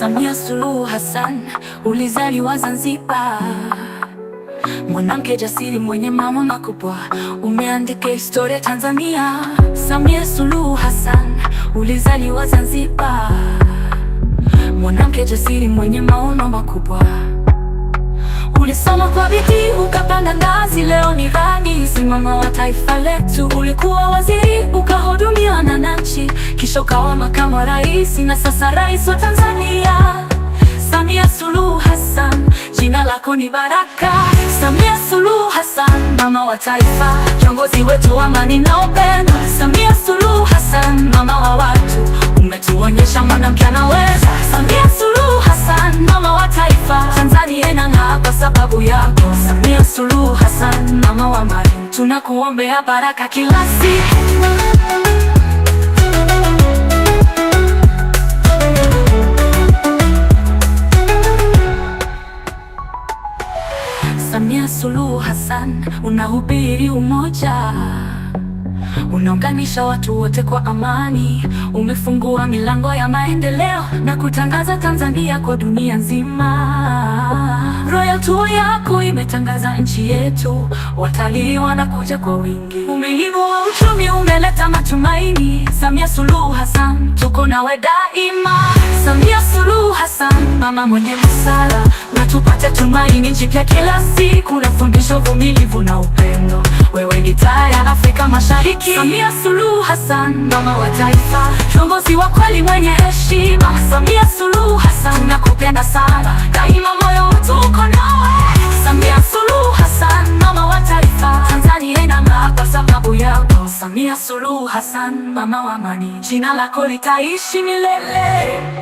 Samia Suluhu Hassan, ulizaliwa Zanzibar, mwanamke jasiri mwenye mama makubwa, umeandika historia Tanzania. Samia Suluhu Hassan, ulizaliwa Zanzibar, mwanamke jasiri mwenye maono makubwa. Ulisoma kwa bidii ukapanda ngazi, leo ni rais, simama wa taifa letu. Ulikuwa waziri uka kisha ukawa makamu wa rais na sasa rais wa Tanzania, Samia Suluhu Hassan, jina lako ni baraka. Samia Suluhu Hassan, mama wa taifa, kiongozi wetu wa amani na upendo. Samia Suluhu Hassan, mama wa watu, umetuonyesha mwanamke anaweza. Samia Suluhu Hassan, mama wa taifa, Tanzania inang'aa kwa sababu yako. Samia Suluhu Hassan, mama wa mali, tunakuombea baraka kila siku. Suluhu Hassan unahubiri umoja, unaunganisha watu wote kwa amani, umefungua milango ya maendeleo na kutangaza Tanzania kwa dunia nzima. Royal Tour yako imetangaza nchi yetu, watalii wanakuja kwa wingi. Umuhimu wa uchumi umeleta matumaini. Samia Suluhu Hassan, tuko nawe daima. Samia Suluhu Hassan, mama mwenye busara, natupate tumaini jipya kila siku, nafundisha uvumilivu na upendo. Wewe ni taa ya Afrika Mashariki. Samia Suluhu Hassan, mama wa taifa, kiongozi wa kweli mwenye heshima. Samia Suluhu Hassan, nakupenda. Samia Suluhu Hassan, mama wa amani, jina lako litaishi milele.